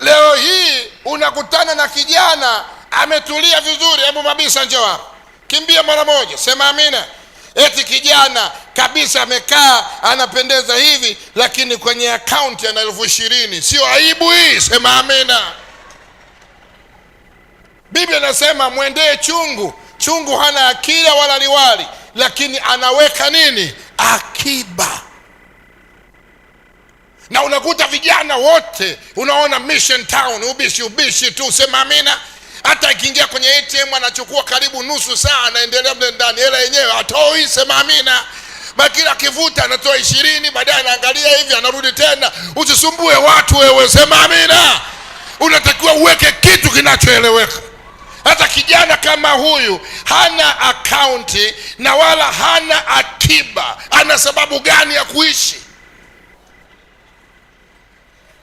Leo hii unakutana na kijana ametulia vizuri, hebu mabisa njoo hapa, kimbia mara moja, sema amina. Eti kijana kabisa amekaa anapendeza hivi, lakini kwenye akaunti ana elfu ishirini. Sio aibu hii? Sema amina. Biblia inasema mwendee chungu, chungu hana akila wala liwali, lakini anaweka nini? Akiba na unakuta vijana wote unaona Mission Town, ubishi ubishi tu, sema amina. Hata akiingia kwenye ATM anachukua karibu nusu saa, anaendelea mle ndani, hela yenyewe atoi, sema amina. Kila akivuta anatoa ishirini, baadaye anaangalia hivi, anarudi tena. Usisumbue watu wewe, sema amina. Unatakiwa uweke kitu kinachoeleweka. Hata kijana kama huyu hana akaunti na wala hana akiba, ana sababu gani ya kuishi?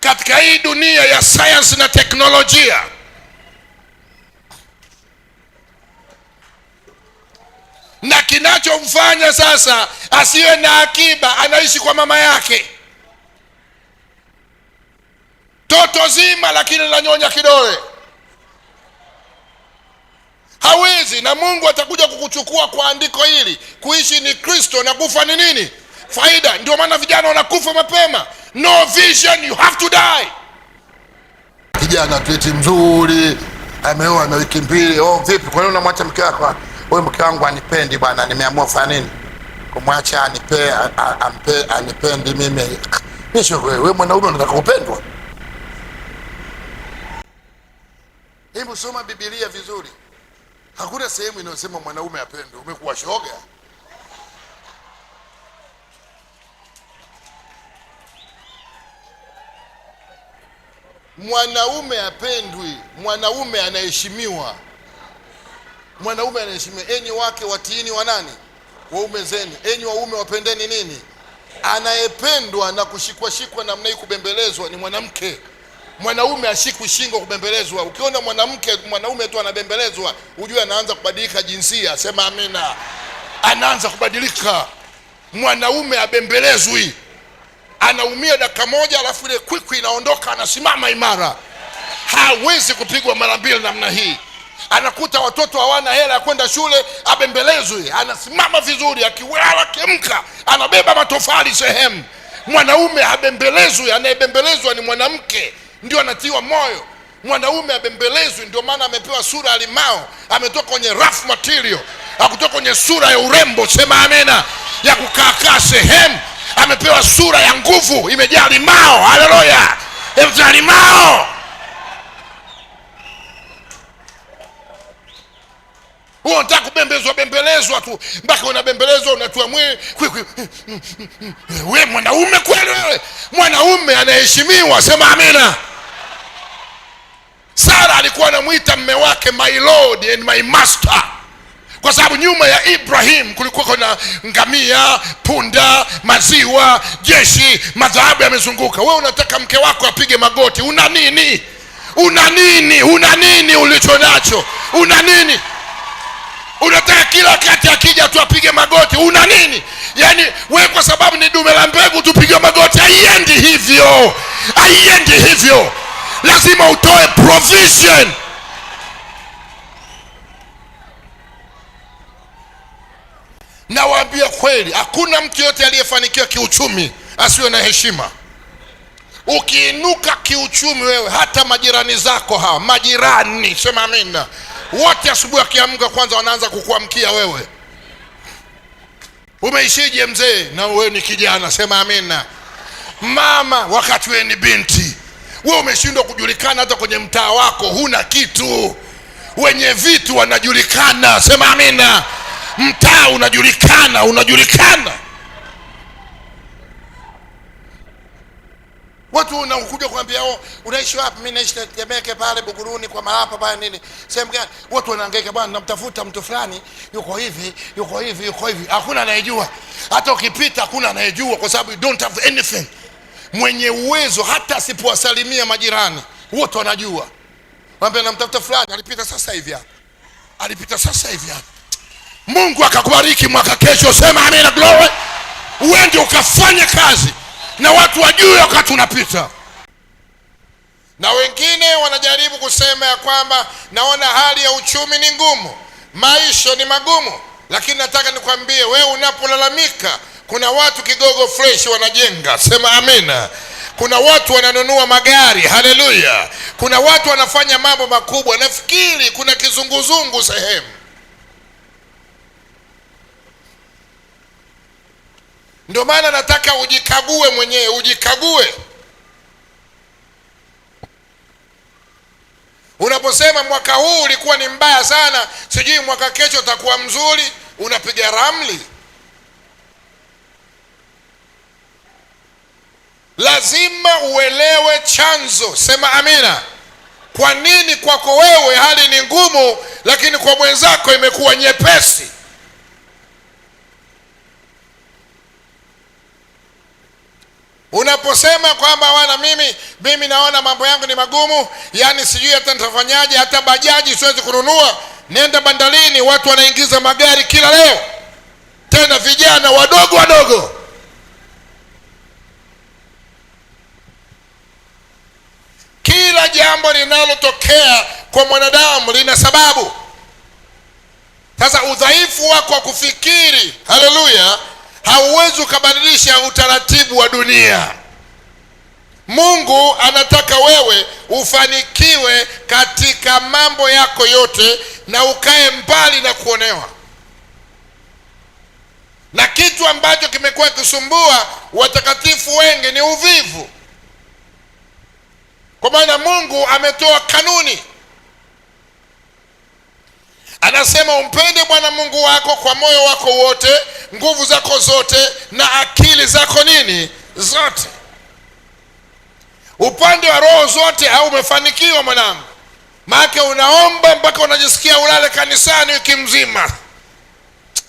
katika hii dunia ya sayansi na teknolojia, na kinachomfanya sasa asiwe na akiba, anaishi kwa mama yake toto zima, lakini lanyonya kidole hawezi. Na Mungu atakuja kukuchukua kwa andiko hili. Kuishi ni Kristo na kufa ni nini? Faida. Ndio maana vijana wanakufa mapema no vision, you have to die. Kijana tueti mzuri ameoa na wiki mbili. Oh, vipi, kwa nini unamwacha mke wako? Wewe mke wangu anipendi bwana, nimeamua fanya nini? Kumwacha anipe ampe anipendi mimi. Nisho wewe mwanaume unataka kupendwa? Hebu soma Biblia vizuri. Hakuna sehemu inayosema mwanaume apendwe. Umekuwa shoga. Mwanaume apendwi, mwanaume anaheshimiwa, mwanaume anaheshimiwa. Enyi wake watiini wanani waume zenu, enyi waume wapendeni nini. Anayependwa na kushikwashikwa namna hii kubembelezwa ni mwanamke. Mwanaume ashikwi shingo kubembelezwa. Ukiona mwanamke mwanaume tu anabembelezwa, hujue anaanza kubadilika jinsia. Sema amina, anaanza kubadilika. Mwanaume abembelezwi anaumia dakika moja, alafu ile kwikwi inaondoka, anasimama imara. Hawezi kupigwa mara mbili namna hii. Anakuta watoto hawana hela ya kwenda shule, abembelezwi, anasimama vizuri, akiwala akimka, anabeba matofali sehemu. Mwanaume abembelezwi anayebembelezwa ni mwanamke, ndio anatiwa moyo. Mwanaume abembelezwi, ndio maana amepewa sura ya limao, ametoka kwenye rough material, akutoka kwenye sura ya urembo. Sema amena, ya kukaakaa sura ya nguvu, imejaa limao. Haleluya, tuna limao. Huo nataka kubembelezwa bembelezwa tu mpaka unabembelezwa, unatua mwili. Mm, mm, mm. We mwanaume kweli wewe, mwanaume anaheshimiwa, sema amina. Sara alikuwa anamwita mme wake my lord and my master kwa sababu nyuma ya Ibrahim kulikuwa kuna ngamia, punda, maziwa, jeshi, madhahabu yamezunguka. Wewe unataka mke wako apige magoti? Una nini? Una nini? Una nini ulicho nacho? Una nini? Unataka kila wakati akija tu apige magoti? Una nini? Yaani wewe kwa sababu ni dume la mbegu tupige magoti? Haiendi hivyo, haiendi hivyo. Lazima utoe provision Nawaambia kweli, hakuna mtu yote aliyefanikiwa kiuchumi asiwe na heshima. Ukiinuka kiuchumi wewe, hata majirani zako hawa majirani, sema amina, wote asubuhi wakiamka kwanza wanaanza kukuamkia wewe, umeishije mzee? Na wewe ni kijana, sema amina. Mama, wakati wewe ni binti, wewe umeshindwa kujulikana hata kwenye mtaa wako, huna kitu, wenye vitu wanajulikana, sema amina mtaa unajulikana, unajulikana. Watu unakuja kuambia wao, oh, unaishi wapi? Mimi naishi Temeke pale Buguruni kwa Marapa pale nini, sehemu gani? Watu wanahangaika bwana, namtafuta mtu fulani, yuko hivi yuko hivi yuko hivi, hakuna anayejua. Hata ukipita hakuna anayejua, kwa sababu you don't have anything. Mwenye uwezo hata asipowasalimia majirani wote wanajua, wambia namtafuta fulani, alipita sasa hivi hapa, alipita sasa hivi hapa Mungu akakubariki mwaka kesho, sema amina, glory. Uende ukafanya kazi na watu wajue wakati unapita. Na wengine wanajaribu kusema ya kwamba naona hali ya uchumi ni ngumu, maisha ni magumu, lakini nataka nikwambie wewe, unapolalamika kuna watu kigogo fresh wanajenga. Sema amina. Kuna watu wananunua magari, haleluya. Kuna watu wanafanya mambo makubwa. Nafikiri kuna kizunguzungu sehemu Ndio maana nataka ujikague mwenyewe, ujikague. Unaposema mwaka huu ulikuwa ni mbaya sana, sijui mwaka kesho utakuwa mzuri, unapiga ramli. Lazima uelewe chanzo. Sema amina. Kwa nini kwako wewe hali ni ngumu, lakini kwa mwenzako imekuwa nyepesi? Unaposema kwamba wana mimi mimi naona mambo yangu ni magumu, yani sijui hata nitafanyaje, hata bajaji siwezi kununua. Nenda bandarini, watu wanaingiza magari kila leo, tena vijana wadogo wadogo. Kila jambo linalotokea kwa mwanadamu lina sababu. Sasa udhaifu wako wa kufikiri, haleluya hauwezi ukabadilisha utaratibu wa dunia. Mungu anataka wewe ufanikiwe katika mambo yako yote na ukae mbali na kuonewa. Na kitu ambacho kimekuwa kisumbua watakatifu wengi ni uvivu, kwa maana Mungu ametoa kanuni, anasema umpende Bwana Mungu wako kwa moyo wako wote nguvu zako zote na akili zako nini zote. Upande wa roho zote au umefanikiwa mwanangu, maake unaomba mpaka unajisikia ulale kanisani wiki mzima.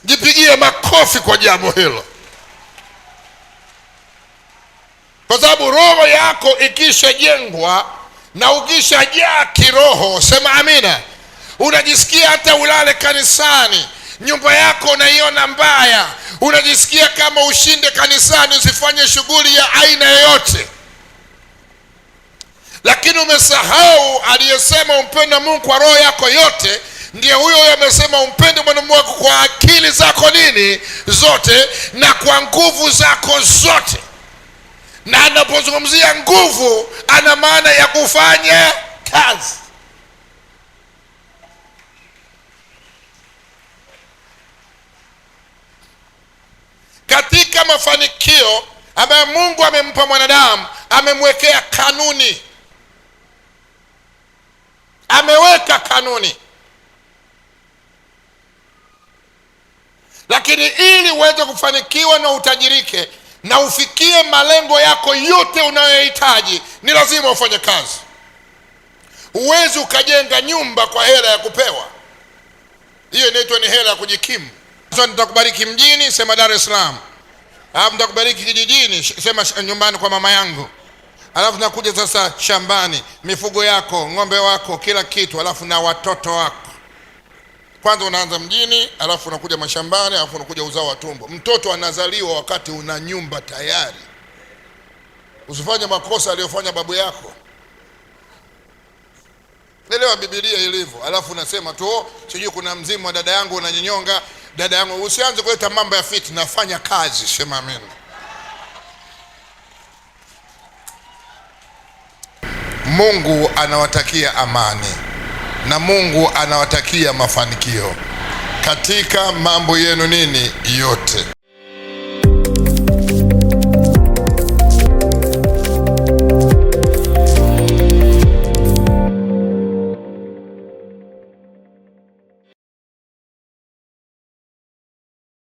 Jipigie makofi kwa jambo hilo, kwa sababu roho yako ikishajengwa na ukishajaa kiroho, sema amina, unajisikia hata ulale kanisani nyumba yako unaiona mbaya, unajisikia kama ushinde kanisani, usifanye shughuli ya aina yoyote, lakini umesahau aliyesema umpende Mungu kwa roho yako yote. ndiye huyo huyo amesema umpende mwanamume wako kwa akili zako nini zote na kwa nguvu zako zote. Na anapozungumzia nguvu, ana maana ya kufanya kazi Katika mafanikio ambayo Mungu amempa mwanadamu, amemwekea kanuni, ameweka kanuni. Lakini ili uweze kufanikiwa na utajirike na ufikie malengo yako yote unayohitaji, ni lazima ufanye kazi. Huwezi ukajenga nyumba kwa hela ya kupewa. Hiyo inaitwa ni hela ya kujikimu. So, nitakubariki mjini, sema Dar es Salaam. Alafu nitakubariki kijijini, sema nyumbani kwa mama yangu. Alafu nakuja sasa shambani, mifugo yako, ng'ombe wako, kila kitu, alafu na watoto wako. Kwanza unaanza mjini, alafu unakuja mashambani, alafu unakuja uzao wa tumbo. Mtoto anazaliwa wakati una nyumba tayari. Usifanye makosa aliyofanya babu yako. Elewa Biblia ilivyo, alafu unasema tu oh, sijui kuna mzimu wa dada yangu unanyonyonga. Dada yangu usianze kuleta mambo ya fitna, fanya kazi. Sema amen. Mungu anawatakia amani na Mungu anawatakia mafanikio katika mambo yenu nini yote.